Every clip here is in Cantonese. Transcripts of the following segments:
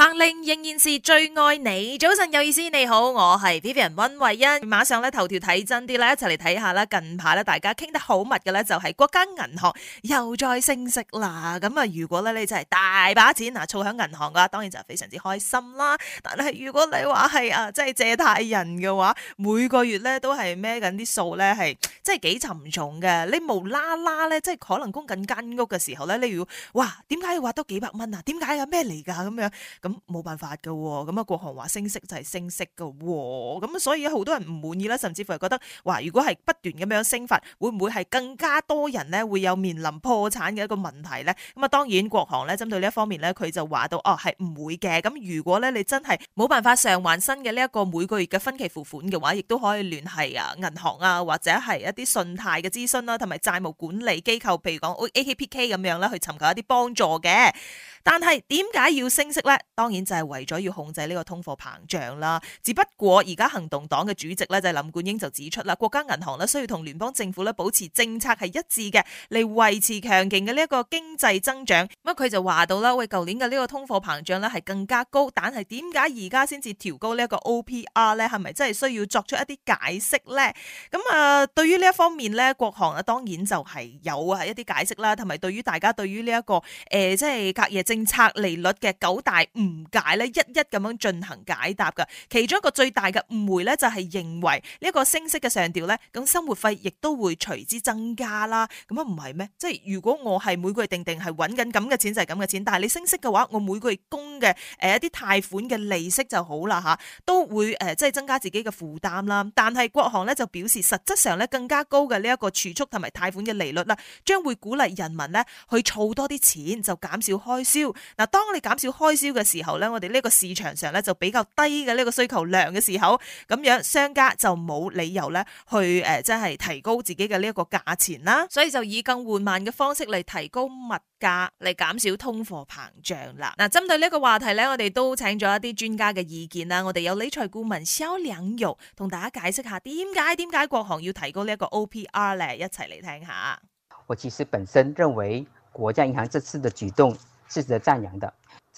MELODY 仍然是最愛你，早晨，有意思。你好，我係 Vivian 溫慧欣，馬上咧頭條睇真啲啦，一齊嚟睇下啦。近排咧大家傾得好密嘅咧，就是，就係國家銀行又再升息啦。咁啊，如果咧你真係大把錢嗱儲響銀行嘅話，當然就非常之開心啦。但係如果你話係啊，即係借貸人嘅話，每個月咧都係孭緊啲數咧，係即係幾沉重嘅。你無啦啦咧，即係可能供緊間屋嘅時候咧，你要哇，點解要劃多幾百蚊啊？點解有咩嚟噶？咁樣咁。冇辦法噶，咁啊國行話升息就係升息噶，咁啊所以好多人唔滿意啦，甚至乎係覺得，哇如果係不斷咁樣升法，會唔會係更加多人呢？會有面臨破產嘅一個問題呢？咁啊當然國行咧針對呢一方面呢，佢就話到哦係唔會嘅，咁如果咧你真係冇辦法償還新嘅呢一個每個月嘅分期付款嘅話，亦都可以聯繫啊銀行啊或者係一啲信貸嘅諮詢啦，同埋債務管理機構，譬如講 AKPK 咁樣啦，去尋求一啲幫助嘅。但係點解要升息呢？當然就係為咗要控制呢個通貨膨脹啦，只不過而家行動黨嘅主席咧就係林冠英就指出啦，國家銀行咧需要同聯邦政府咧保持政策係一致嘅，嚟維持強勁嘅呢一個經濟增長。咁啊佢就話到啦，喂，舊年嘅呢個通貨膨脹咧係更加高，但係點解而家先至調高呢一個 OPR 咧？係咪真係需要作出一啲解釋咧？咁啊、呃，對於呢一方面咧，國行啊當然就係有啊一啲解釋啦，同埋對於大家對於呢一個誒即係隔夜政策利率嘅九大唔。唔解咧，一一咁樣進行解答噶。其中一個最大嘅誤會咧，就係認為呢一個升息嘅上調咧，咁生活費亦都會隨之增加啦。咁啊唔係咩？即係如果我係每個月定定係搵緊咁嘅錢就係咁嘅錢，但係你升息嘅話，我每個月供嘅誒一啲貸款嘅利息就好啦吓，都會誒即係增加自己嘅負擔啦。但係國行咧就表示實質上咧更加高嘅呢一個儲蓄同埋貸款嘅利率啦，將會鼓勵人民咧去儲多啲錢，就減少開銷。嗱，當你減少開銷嘅時，後咧，我哋呢個市場上咧就比較低嘅呢個需求量嘅時候，咁樣商家就冇理由咧去誒、呃，即係提高自己嘅呢一個價錢啦。所以就以更緩慢嘅方式嚟提高物價，嚟減少通貨膨脹啦。嗱、啊，針對呢一個話題咧，我哋都請咗一啲專家嘅意見啦。我哋有理財顧問肖兩玉同大家解釋下點解點解國行要提高 OPR 呢一個 O P R 咧，一齊嚟聽下。我其實本身認為國家銀行這次嘅舉動是值得讚揚的。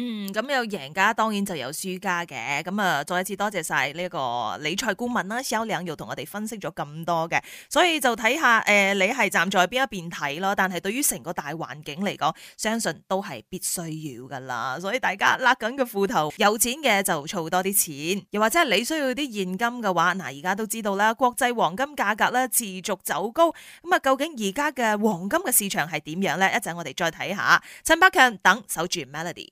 嗯，咁有贏家，當然就有輸家嘅。咁啊，再一次多謝晒呢個理財顧問啦，肖亮又同我哋分析咗咁多嘅，所以就睇下、呃、你係站在邊一邊睇咯。但係對於成個大環境嚟講，相信都係必須要噶啦。所以大家勒緊個褲頭，有錢嘅就儲多啲錢，又或者你需要啲現金嘅話，嗱，而家都知道啦，國際黃金價格咧持續走高，咁啊，究竟而家嘅黃金嘅市場係點樣呢？一陣我哋再睇下，陳百強等守住 Melody。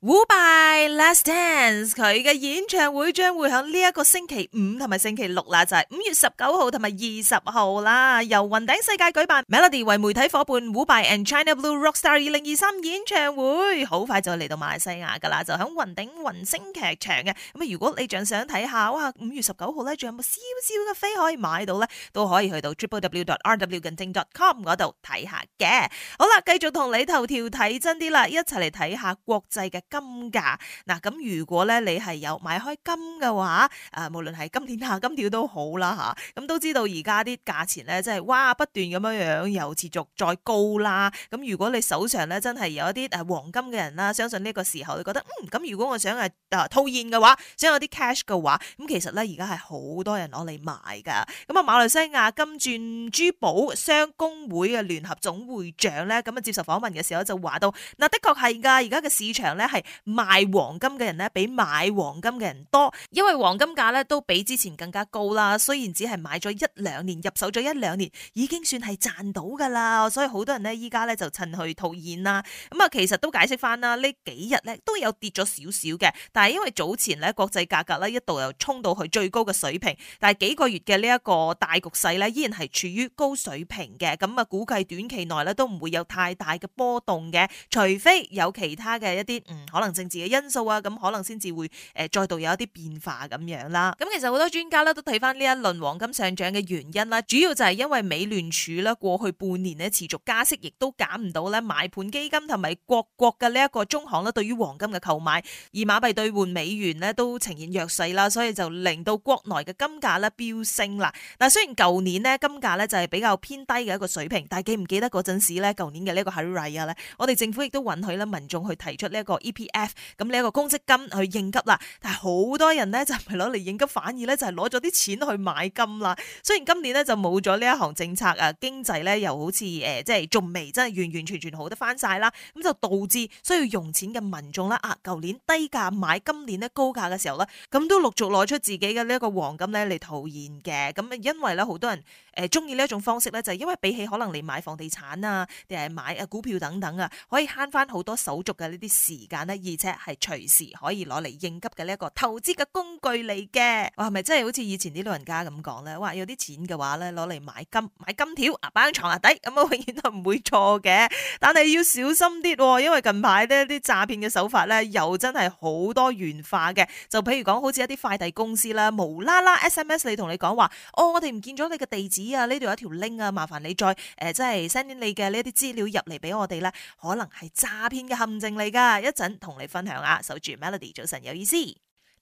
伍佰 Last Dance 佢嘅演唱會將會響呢一個星期五同埋星期六啦，就係、是、五月十九號同埋二十號啦，由雲頂世界舉辦。Melody 為媒體伙伴伍佰 and China Blue Rock Star 二零二三演唱會，好快就嚟到馬來西亞噶啦，就響雲頂雲星劇場嘅。咁啊，如果你仲想睇下，哇，五月十九號咧，仲有冇少少嘅飛可以買到咧，都可以去到 www.rwgenting.com 度睇下嘅。好啦，繼續同你頭條睇真啲啦，一齊嚟睇下國際嘅。金價嗱，咁如果咧你係有買開金嘅話，誒，無論係金鏈、金條都好啦，吓，咁都知道而家啲價錢咧，真係哇不斷咁樣樣，又持續再高啦。咁如果你手上咧真係有一啲誒黃金嘅人啦，相信呢個時候你覺得嗯，咁如果我想誒誒，啊，套現嘅話，想有啲 cash 嘅話，咁其實咧而家係好多人攞嚟買噶。咁啊，馬來西亞金鑽珠寶商公會嘅聯合總會長咧，咁啊接受訪問嘅時候就話到，嗱的確係噶，而家嘅市場咧係。賣黃金嘅人咧，比買黃金嘅人多，因為黃金價咧都比之前更加高啦。雖然只係買咗一兩年，入手咗一兩年，已經算係賺到㗎啦。所以好多人呢依家咧就趁去套現啦。咁啊，其實都解釋返啦，呢幾日咧都有跌咗少少嘅，但係因為早前咧國際價格咧一度又衝到去最高嘅水平，但係幾個月嘅呢一個大局勢咧依然係處於高水平嘅，咁啊估計短期內咧都唔會有太大嘅波動嘅，除非有其他嘅一啲嗯。可能政治嘅因素啊，咁可能先至會誒、呃、再度有一啲變化咁樣啦。咁其實好多專家咧都睇翻呢一輪黃金上漲嘅原因啦，主要就係因為美聯儲咧過去半年咧持續加息，亦都減唔到咧買盤基金同埋各國嘅呢一個中行咧對於黃金嘅購買，而馬幣兌換美元咧都呈現弱勢啦，所以就令到國內嘅金價咧飆升啦。嗱，雖然舊年咧金價咧就係比較偏低嘅一個水平，但係記唔記得嗰陣時咧舊年嘅呢一個匯啊咧，我哋政府亦都允許咧民眾去提出呢、這、一個。P.F. 咁呢一個公積金去應急啦，但係好多人咧就唔係攞嚟應急，反而咧就係攞咗啲錢去買金啦。雖然今年咧就冇咗呢一項政策，誒經濟咧又好似誒、呃、即係仲未真係完完全全好得翻晒啦，咁就導致需要用錢嘅民眾啦，啊舊年低價買，今年咧高價嘅時候咧，咁都陸續攞出自己嘅呢一個黃金咧嚟套現嘅。咁因為咧好多人誒中意呢一種方式咧，就係、因為比起可能你買房地產啊，定係買誒、啊、股票等等啊，可以慳翻好多手續嘅呢啲時間。而且係隨時可以攞嚟應急嘅呢一個投資嘅工具嚟嘅，哇！係咪真係好似以前啲老人家咁講咧？哇！有啲錢嘅話咧，攞嚟買金買金條啊，擺喺床下底，咁啊永遠都唔會錯嘅。但係要小心啲，因為近排呢啲詐騙嘅手法咧又真係好多元化嘅。就譬如講，好似一啲快遞公司啦，無啦啦 SMS 你同你講話，哦，我哋唔見咗你嘅地址啊，呢度有一條 link 啊，麻煩你再誒，即係 send 你嘅呢一啲資料入嚟俾我哋咧，可能係詐騙嘅陷阱嚟噶。一陣。同你分享啊，守住 Melody，早晨有意思。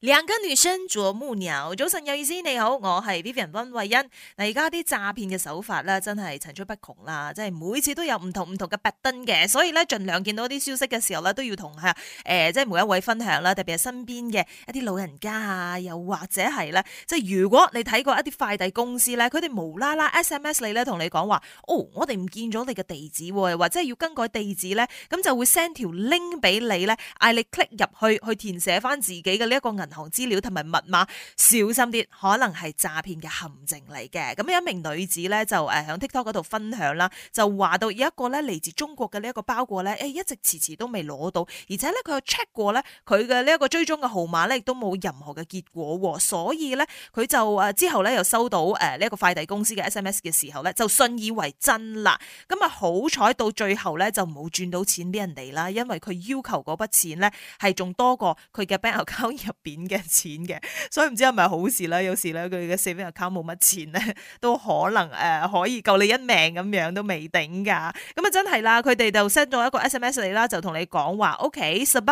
兩個女生做木鳥，早晨有意思，你好，我係 Vivian 溫慧欣。嗱，而家啲詐騙嘅手法咧，真係層出不窮啦，即係每次都有唔同唔同嘅拔登嘅，所以咧盡量見到啲消息嘅時候咧，都要同吓誒，即係每一位分享啦，特別係身邊嘅一啲老人家啊，又或者係咧，即係如果你睇過一啲快遞公司咧，佢哋無啦啦 SMS 你咧，同你講話，哦，我哋唔見咗你嘅地址，或者係要更改地址咧，咁就會 send 條 link 俾你咧，嗌你 click 入去，去填寫翻自己嘅呢一個銀。銀行資料同埋密碼小心啲，可能係詐騙嘅陷阱嚟嘅。咁有一名女子咧就誒喺 TikTok 嗰度分享啦，就話到有一個咧嚟自中國嘅呢一個包裹咧，誒一直遲遲都未攞到，而且咧佢又 check 過咧佢嘅呢一個追蹤嘅號碼咧亦都冇任何嘅結果，所以咧佢就誒之後咧又收到誒呢一個快遞公司嘅 SMS 嘅時候咧就信以為真啦。咁啊好彩到最後咧就冇轉到錢俾人哋啦，因為佢要求嗰筆錢咧係仲多過佢嘅 bank account 入邊嘅錢嘅，所以唔知係咪好事啦？有時咧，佢嘅信用卡冇乜錢咧，都可能、呃、可以救你一命咁樣，都未定㗎。咁啊，真係啦，佢哋就 send 咗一個 SMS 嚟啦，就同你講話，OK，sub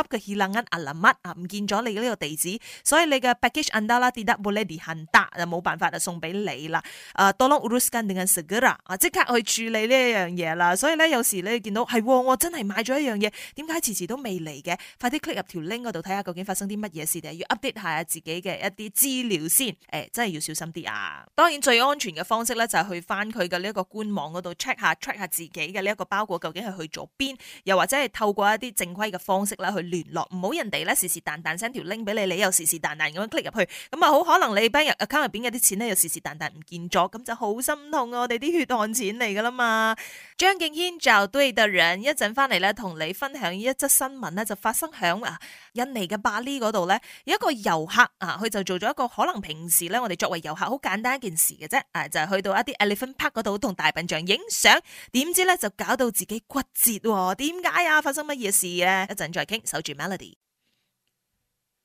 啊，唔見咗你呢個地址，所以你嘅 package anda tidak dapat dihantar 就冇辦法就送俾你啦。啊、呃，即刻去處理呢一樣嘢啦。所以咧，有時咧見到係、哎、我真係買咗一樣嘢，點解遲遲都未嚟嘅？快啲 click 入條 link 嗰度睇下究竟發生啲乜嘢事定係要啲係自己嘅一啲資料先，誒、哎，真係要小心啲啊！當然最安全嘅方式咧，就係去翻佢嘅呢一個官網嗰度 check 下，check 下自己嘅呢一個包裹究竟係去咗邊，又或者係透過一啲正規嘅方式咧去聯絡，唔好人哋咧時時彈彈 send 條 link 俾你，你又時時彈彈咁 click 入去，咁啊好可能你 bank account 入邊嘅啲錢咧又時時彈彈唔見咗，咁就好心痛我哋啲血汗錢嚟噶啦嘛，張敬軒就都係得人一陣翻嚟咧，同你分享呢一則新聞呢，就發生響啊印尼嘅巴厘嗰度咧，一、呃一個遊客啊，佢就做咗一個可能平時咧，我哋作為遊客好簡單一件事嘅啫，啊，就係去到一啲 elephant park 嗰度同大笨象影相，點知咧就搞到自己骨折喎，點解啊？發生乜嘢事啊？一陣再傾，守住 Melody。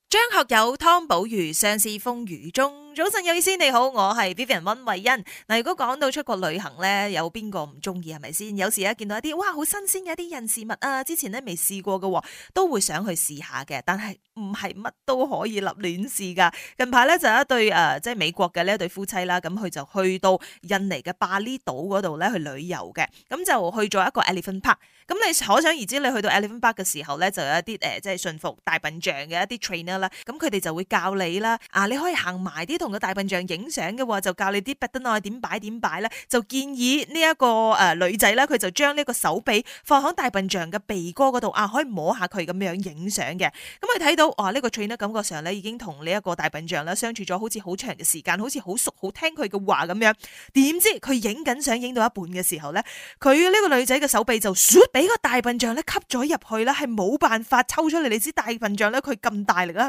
張學友湯寶如相思風雨中早晨有意思，你好，我係 Vivian 溫慧欣。嗱，如果講到出國旅行咧，有邊個唔中意，係咪先？有時一見到一啲哇，好新鮮嘅一啲人事物啊，之前咧未試過嘅，都會想去試下嘅。但係唔係乜都可以立亂試噶。近排咧就一對誒，即係美國嘅呢一對夫妻啦，咁佢就去到印尼嘅巴厘島嗰度咧去旅遊嘅，咁就去咗一個 elephant park。咁你可想而知，你去到 elephant park 嘅時候咧，就有一啲誒，即係馴服大笨象嘅一啲 trainer。咁佢哋就會教你啦，啊，你可以行埋啲同個大笨象影相嘅，就教你啲不得 i 愛點擺點擺咧，就建議呢、這、一個誒、呃、女仔啦，佢就將呢個手臂放喺大笨象嘅鼻哥嗰度啊，可以摸下佢咁樣影相嘅。咁佢睇到哇，呢、啊這個 trainer 呢感覺上咧已經同呢一個大笨象啦相處咗好似好長嘅時間，好似好熟，好聽佢嘅話咁樣。點知佢影緊相影到一半嘅時候咧，佢呢個女仔嘅手臂就俾個大笨象咧吸咗入去啦，係冇辦法抽出嚟。你知大笨象咧佢咁大力啦。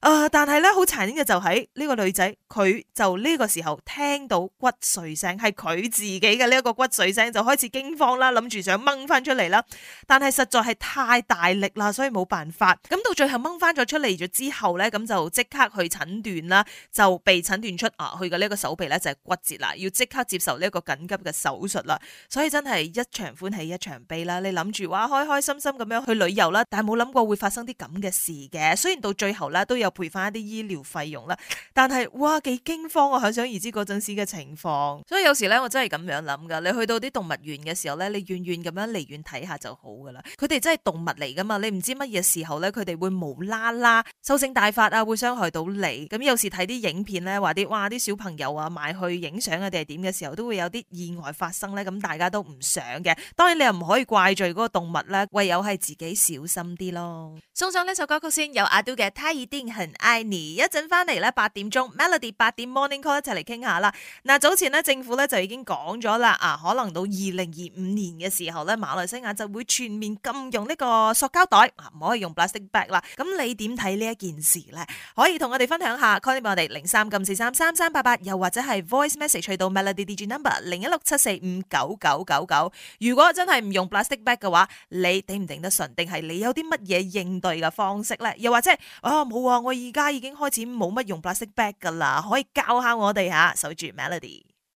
啊、呃！但係咧，好殘忍嘅就係呢個女仔，佢就呢個時候聽到骨碎聲，係佢自己嘅呢一個骨碎聲，就開始驚慌啦，諗住想掹翻出嚟啦。但係實在係太大力啦，所以冇辦法。咁到最後掹翻咗出嚟咗之後咧，咁就即刻去診斷啦，就被診斷出啊，佢嘅呢個手臂咧就係骨折啦，要即刻接受呢一個緊急嘅手術啦。所以真係一場歡喜一場悲啦。你諗住話，開開心心咁樣去旅遊啦，但係冇諗過會發生啲咁嘅事嘅。雖然到最後咧都有。賠翻一啲醫療費用啦，但係哇幾驚慌，我可想而知嗰陣時嘅情況。所以有時咧，我真係咁樣諗噶。你去到啲動物園嘅時候咧，你遠遠咁樣離遠睇下就好噶啦。佢哋真係動物嚟噶嘛，你唔知乜嘢時候咧，佢哋會無啦啦獸性大發啊，會傷害到你。咁有時睇啲影片咧，話啲哇啲小朋友啊，埋去影相啊定係點嘅時候，都會有啲意外發生咧。咁大家都唔想嘅。當然你又唔可以怪罪嗰個動物啦，唯有係自己小心啲咯。送上呢首歌曲先，有阿杜嘅《泰爾丁》。陳艾妮，一陣翻嚟咧，八點鐘 Melody 八點 morning call 一齊嚟傾下啦。嗱早前咧政府咧就已經講咗啦，啊可能到二零二五年嘅時候咧，馬來西亞就會全面禁用呢個塑膠袋，啊唔可以用 plastic bag 啦。咁你點睇呢一件事咧？可以同我哋分享下 call 我哋零三九四三三三八八，又或者係 voice message 去到 Melody digit number 零一六七四五九九九九。如果真係唔用 plastic bag 嘅話，你頂唔頂得順？定係你有啲乜嘢應對嘅方式咧？又或者啊冇？我而家已經開始冇乜用 plastic bag 㗎啦，可以教下我哋下，守住 Melody。